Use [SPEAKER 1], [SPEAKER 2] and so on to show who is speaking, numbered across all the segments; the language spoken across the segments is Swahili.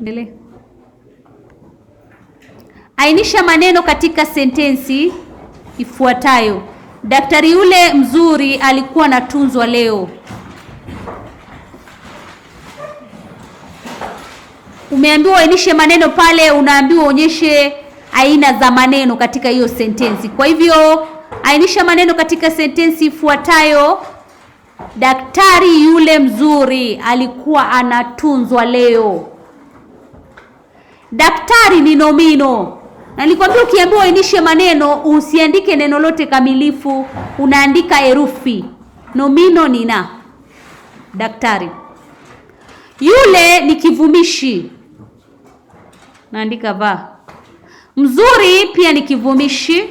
[SPEAKER 1] Endelee. Ainisha maneno katika sentensi ifuatayo. Daktari yule mzuri alikuwa anatunzwa leo. Umeambiwa uainishe maneno pale, unaambiwa uonyeshe aina za maneno katika hiyo sentensi. Kwa hivyo ainisha maneno katika sentensi ifuatayo. Daktari yule mzuri alikuwa anatunzwa leo. Daktari ni nomino. Nilikwambia ukiambiwa uainishe maneno usiandike neno lote kamilifu, unaandika herufi. Nomino ni na. Daktari. Yule ni kivumishi, naandika va. Mzuri pia ni kivumishi.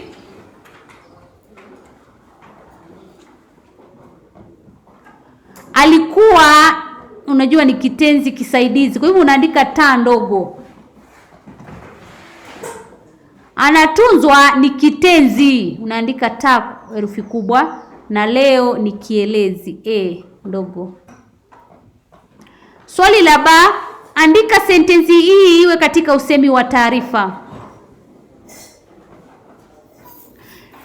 [SPEAKER 1] Alikuwa, unajua ni kitenzi kisaidizi, kwa hivyo unaandika taa ndogo Anatunzwa ni kitenzi, unaandika ta herufi kubwa, na leo ni kielezi e ndogo. Swali la ba, andika sentensi hii iwe katika usemi wa taarifa.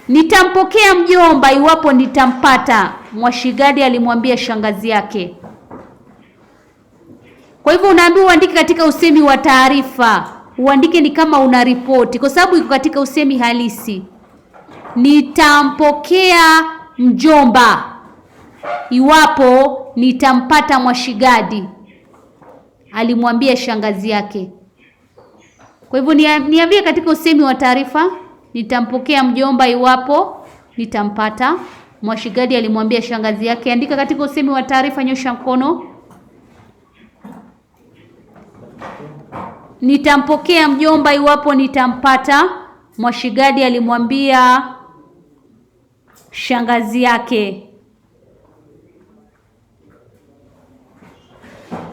[SPEAKER 1] Nitampokea mjomba iwapo nitampata, Mwashigadi alimwambia shangazi yake. Kwa hivyo unaambiwa uandike katika usemi wa taarifa uandike ni kama una ripoti, kwa sababu iko katika usemi halisi. Nitampokea mjomba iwapo nitampata Mwashigadi, alimwambia shangazi yake. Kwa hivyo niambie katika usemi wa taarifa, nitampokea mjomba iwapo nitampata Mwashigadi, alimwambia shangazi yake. Andika katika usemi wa taarifa, nyosha mkono. nitampokea mjomba iwapo nitampata, Mwashigadi alimwambia shangazi yake.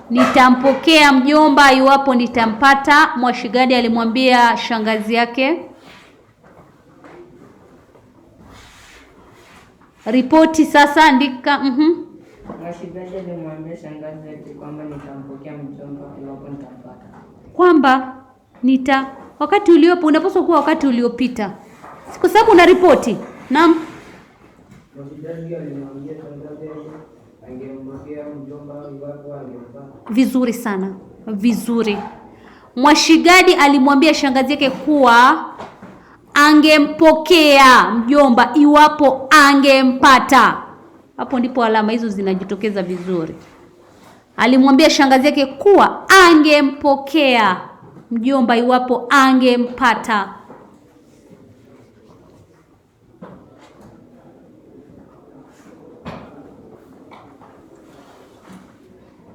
[SPEAKER 1] Nitampokea mjomba iwapo nitampata, Mwashigadi alimwambia shangazi yake. Ripoti sasa andika. mm -hmm. Mwashigadi alimwambia shangazi yake kwamba nitampokea mjomba iwapo nitampata kwamba nita wakati uliopo unapaswa kuwa wakati uliopita, kwa sababu una ripoti. Naam, vizuri sana, vizuri. Mwashigadi alimwambia shangazi yake kuwa angempokea mjomba iwapo angempata. Hapo ndipo alama hizo zinajitokeza vizuri. Alimwambia shangazi yake kuwa angempokea mjomba iwapo angempata.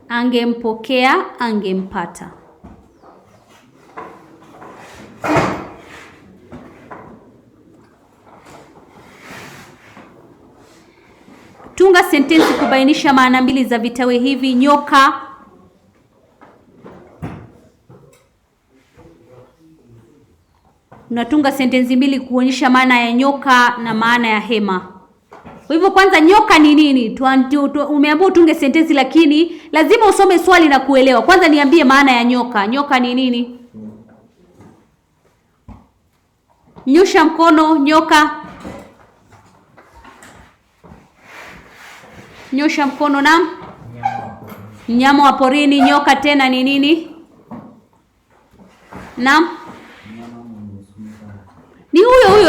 [SPEAKER 1] Angempokea, angempata. Tunga sentensi kubainisha maana mbili za vitawe hivi: nyoka unatunga sentensi mbili kuonyesha maana ya nyoka na maana ya hema. Kwa hivyo kwanza, nyoka ni nini? Umeambiwa utunge sentensi, lakini lazima usome swali na kuelewa. Kwanza niambie maana ya nyoka. Nyoka ni nini? Nyosha mkono nyoka. Nyosha mkono. Naam, mnyama wa porini. Nyoka tena ni nini? Naam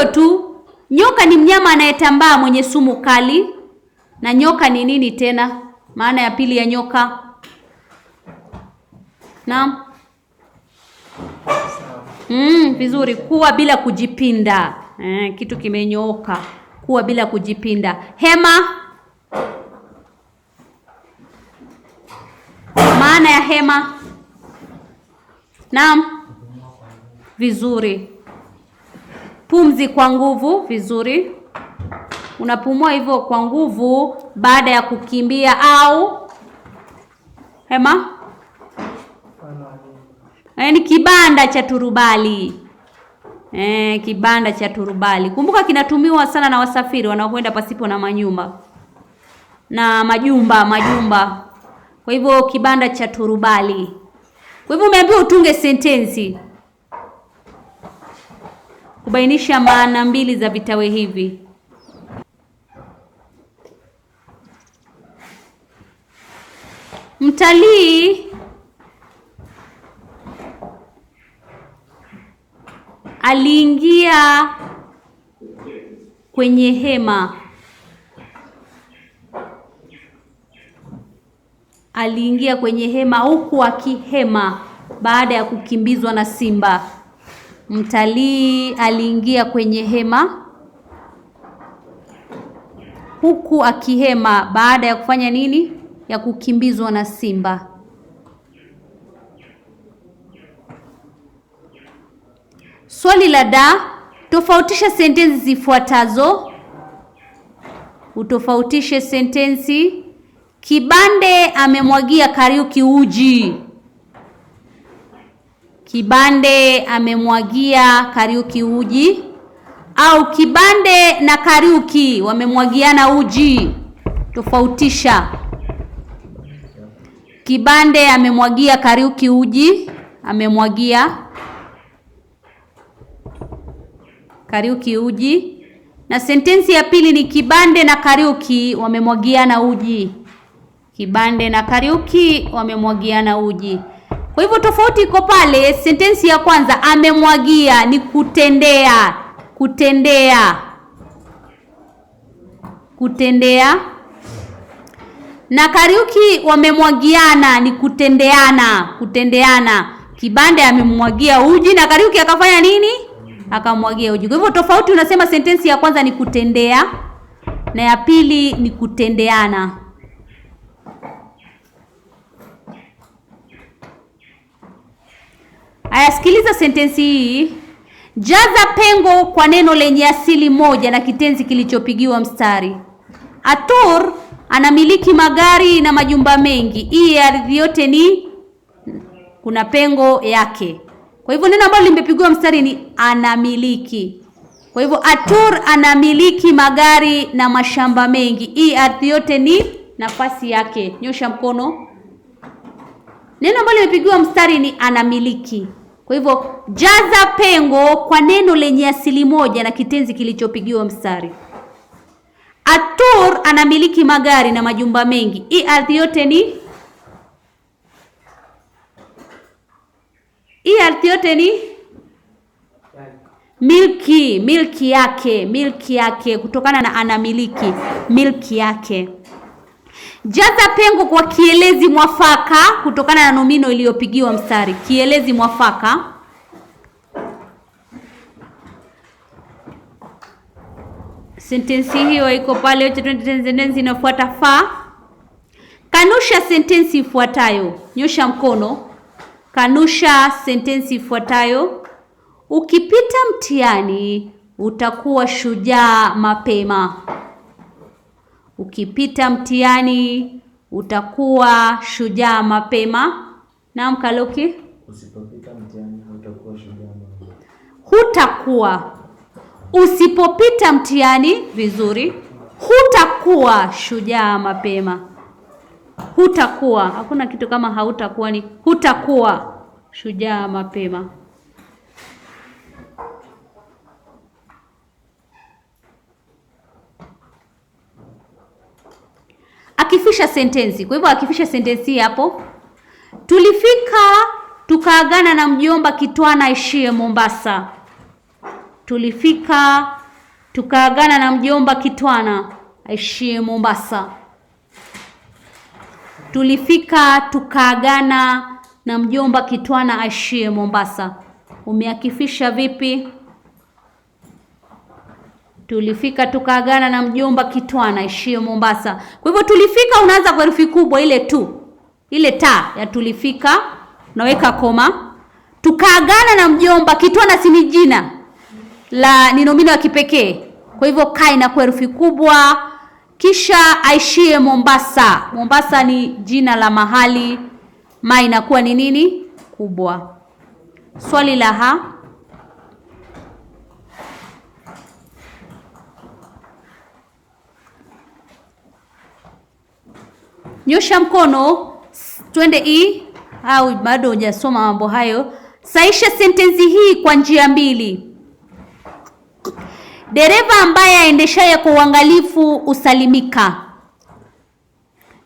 [SPEAKER 1] tu, nyoka ni mnyama anayetambaa mwenye sumu kali. Na nyoka ni nini tena? Maana ya pili ya nyoka. Naam. Mm, vizuri. Kuwa bila kujipinda. Eh, kitu kimenyooka. Kuwa bila kujipinda. Hema. Maana ya hema. Naam. Vizuri. Pumzi kwa nguvu vizuri, unapumua hivyo kwa nguvu baada ya kukimbia au hema, yaani kibanda cha turubali. Eh, kibanda cha turubali, kumbuka kinatumiwa sana na wasafiri wanaokwenda pasipo na manyumba na majumba majumba. Kwa hivyo kibanda cha turubali. Kwa hivyo umeambiwa utunge sentensi kubainisha maana mbili za vitawe hivi. Mtalii aliingia kwenye hema, aliingia kwenye hema huku akihema baada ya kukimbizwa na simba. Mtalii aliingia kwenye hema huku akihema baada ya kufanya nini? Ya kukimbizwa na simba. Swali la da, tofautisha sentensi zifuatazo. Utofautishe sentensi: Kibande amemwagia Kariuki uji. Kibande amemwagia Kariuki uji au Kibande na Kariuki wamemwagiana uji. Tofautisha. Kibande amemwagia Kariuki uji, amemwagia Kariuki uji. Na sentensi ya pili ni Kibande na Kariuki wamemwagiana uji. Kibande na Kariuki wamemwagiana uji. Kwa hivyo tofauti iko pale. Sentensi ya kwanza amemwagia ni kutendea, kutendea, kutendea. Na Kariuki wamemwagiana ni kutendeana, kutendeana. Kibande amemwagia uji na Kariuki akafanya nini? Akamwagia uji. Kwa hivyo tofauti, unasema sentensi ya kwanza ni kutendea na ya pili ni kutendeana. Aya, sikiliza sentensi hii. Jaza pengo kwa neno lenye asili moja na kitenzi kilichopigiwa mstari. Atur anamiliki magari na majumba mengi. Hii ardhi yote ni kuna pengo yake. Kwa hivyo neno ambalo limepigiwa mstari ni anamiliki. Kwa hivyo Atur anamiliki magari na mashamba mengi. Hii ardhi yote ni nafasi yake. Nyosha mkono. Neno ambalo limepigiwa mstari ni anamiliki. Kwa hivyo jaza pengo kwa neno lenye asili moja na kitenzi kilichopigiwa mstari. Atur anamiliki magari na majumba mengi. Hii ardhi yote ni hii ardhi yote ni milki, milki yake, milki yake kutokana na anamiliki, milki yake. Jaza pengo kwa kielezi mwafaka kutokana na nomino iliyopigiwa mstari. Kielezi mwafaka sentensi hiyo iko pale, yote sentensi inafuata fa. Kanusha sentensi ifuatayo, nyosha mkono. Kanusha sentensi ifuatayo: ukipita mtihani utakuwa shujaa mapema. Ukipita mtihani utakuwa shujaa mapema. Naam Kaluki, usipopita mtihani utakuwa shujaa mapema. Hutakuwa usipopita mtihani vizuri, hutakuwa shujaa mapema. Hutakuwa, hakuna kitu kama hautakuwa, ni hutakuwa shujaa mapema. akifisha sentensi. Kwa hivyo akifisha sentensi hapo, tulifika tukaagana na mjomba Kitwana aishie Mombasa. Tulifika tukaagana na mjomba Kitwana aishie Mombasa. Tulifika tukaagana na mjomba Kitwana aishie Mombasa. Umeakifisha vipi? Tulifika tukaagana na mjomba Kitwana ishie Mombasa. Kwa hivyo tulifika unaanza kwa herufi kubwa ile tu. Ile ta ya tulifika naweka koma. Tukaagana na mjomba Kitwana si jina la ni nomino ya kipekee. Kwa hivyo na kwa herufi kubwa kisha aishie Mombasa. Mombasa ni jina la mahali. Ma inakuwa ni nini? Kubwa. Swali la ha Nyosha mkono, twende i au bado hujasoma mambo hayo? Saisha sentensi hii kwa njia mbili. Dereva ambaye aendeshaye kwa uangalifu usalimika.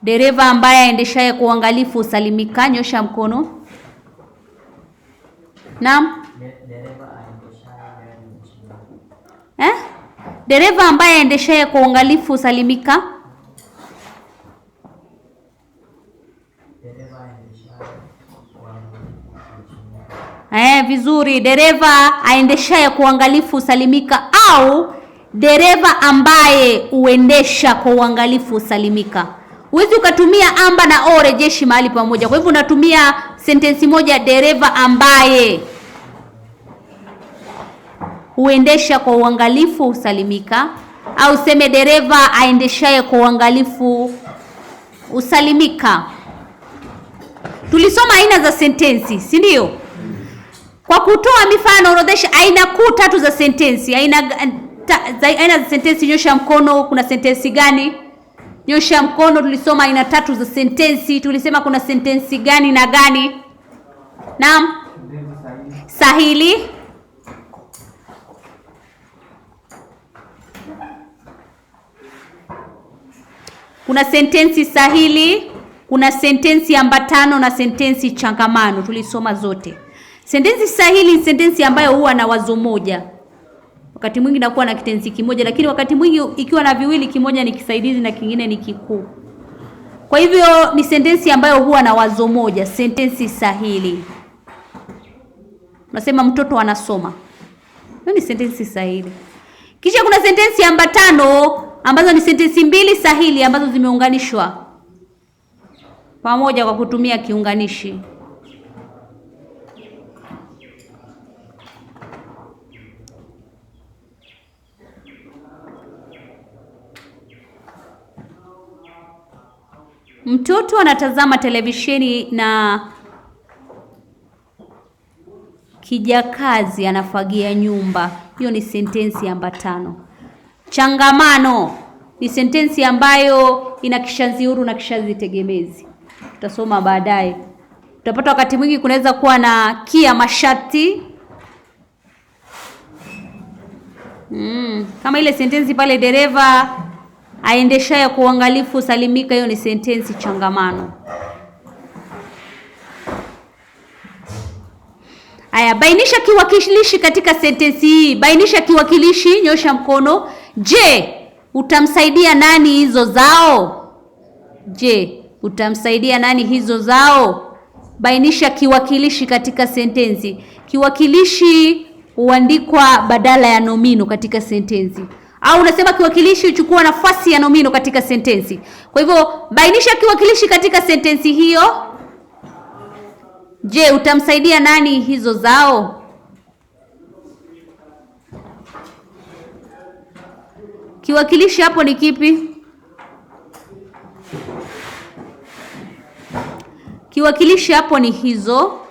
[SPEAKER 1] Dereva ambaye aendeshaye kwa uangalifu usalimika. Nyosha mkono. Naam. Eh? Dereva ambaye aendeshaye kwa uangalifu usalimika. Eh, vizuri. Dereva aendeshaye kwa uangalifu husalimika au dereva ambaye huendesha kwa uangalifu husalimika. Huwezi ukatumia amba na o rejeshi mahali pamoja. Kwa hivyo unatumia sentensi moja, dereva ambaye huendesha kwa uangalifu usalimika au seme dereva aendeshaye kwa uangalifu husalimika. Tulisoma aina za sentensi, si ndio? Kwa kutoa mifano, orodhesha aina kuu tatu za sentensi. Aina ta, aina za sentensi, nyosha mkono. Kuna sentensi gani? Nyosha mkono. Tulisoma aina tatu za sentensi, tulisema kuna sentensi gani na gani? Naam, sahili kuna sentensi sahili, kuna sentensi ambatano na sentensi changamano, tulisoma zote. Sentensi sahili ni sentensi ambayo huwa na wazo moja, wakati mwingi nakuwa na kitenzi kimoja, lakini wakati mwingi ikiwa na viwili, kimoja ni kisaidizi na kingine ni kikuu. Kwa hivyo ni sentensi ambayo huwa na wazo moja, sentensi sahili. Unasema mtoto anasoma, hiyo ni sentensi sahili. Kisha kuna sentensi ambatano ambazo ni sentensi mbili sahili ambazo zimeunganishwa pamoja kwa kutumia kiunganishi. Mtoto anatazama televisheni na kijakazi anafagia nyumba. Hiyo ni sentensi namba ambatano. Changamano ni sentensi ambayo ina kishazi huru na kishazi tegemezi, tutasoma baadaye. Utapata wakati mwingi kunaweza kuwa na kia masharti mm. kama ile sentensi pale dereva aendeshayo kwa uangalifu salimika Hiyo ni sentensi changamano. Aya, bainisha kiwakilishi katika sentensi hii. Bainisha kiwakilishi, nyosha mkono. Je, utamsaidia nani hizo zao? Je, utamsaidia nani hizo zao? Bainisha kiwakilishi katika sentensi. Kiwakilishi huandikwa badala ya nomino katika sentensi au unasema kiwakilishi uchukua nafasi ya nomino katika sentensi. Kwa hivyo bainisha kiwakilishi katika sentensi hiyo. Je, utamsaidia nani hizo zao? Kiwakilishi hapo ni kipi? Kiwakilishi hapo ni hizo.